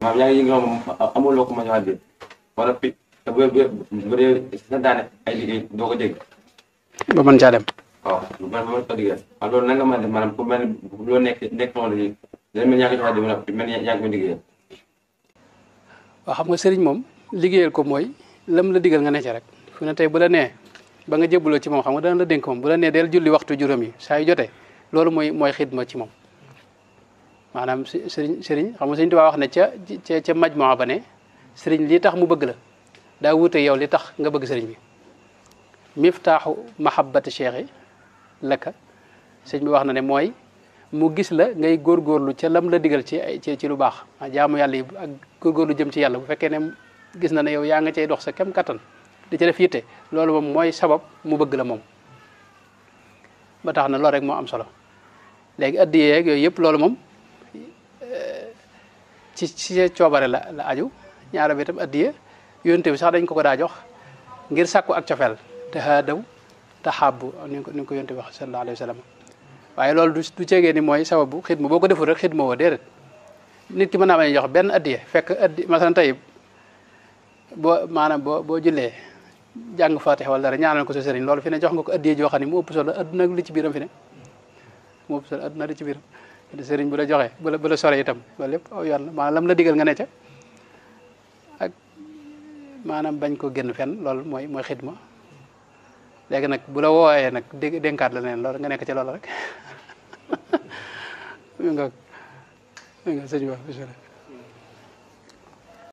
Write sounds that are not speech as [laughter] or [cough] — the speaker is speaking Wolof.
maam yaa ngi yëngal moom amul loo ko mën a doo ko dégg. mën caa dem. waaw man ba mën caa liggéey waaw loolu nan nga mën a def maanaam ku mel ni loo nekk nekk noonu nii mel ni yaa ngi xam nga sëriñ moom liggéeyal ko mooy lam la digal nga ne ci rek fu ne tey bu la nee ba nga jébbaloo ci moom xam nga dana la dénk moom bu la nee del julli waxtu juróom yi saa yu jotee loolu mooy mooy xidma ci moom. manam serigne serigne xam nga serigne tuba wax na ca ca ca majmuwa ba ne li tax mu bëgg la da wuté yow li tax nga bëgg serigne bi miftahu mahabbati cheikhi laka serigne bi wax na ne moy mu gis la ngay lu ca lam la digal ci ci ci lu bax jaamu yalla yi ak lu jëm ci yalla bu fekkee ne gis na ne yow ya nga cey dox sa kem katan di ci def yité loolu mom moy sabab mu bëgg la mom ba tax na loolu rek mo am solo léegi ak yoy yëpp loolu mom ci ci coobare la la aju ñaara bi itam addiya yónte bi sax dañ ko ko daa jox ngir sàkku ak cofeel te haadaw te xabbu ni ko ni ko yónte bi sallallahu alayhi wa sallam waaye loolu du du ceegee ni mooy sababu xidma boo ko deful rek xidma woo déedéet nit ki mën naa bañ jox benn addiya fekk addi masalan tey boo maanaam boo boo jullee jàng fatiha wala dara ñaanal ko sa sëriñ lool fi ne jox nga ko addiya xam ne mu ëpp solo addina li ci biiram fi ne mu ëpp solo adduna li biiram sëriñ bu la joxe bu la bu sore itam loolu lépp aw yoon la maanaam lam la digal nga ne ca ak maanaam bañ ko génn fenn loolu mooy mooy xidma léegi nag bu la wooyee nag dé dénkaat la neen lool nga nekk ci loolu rek mi [laughs] nga mi nga sëñ ba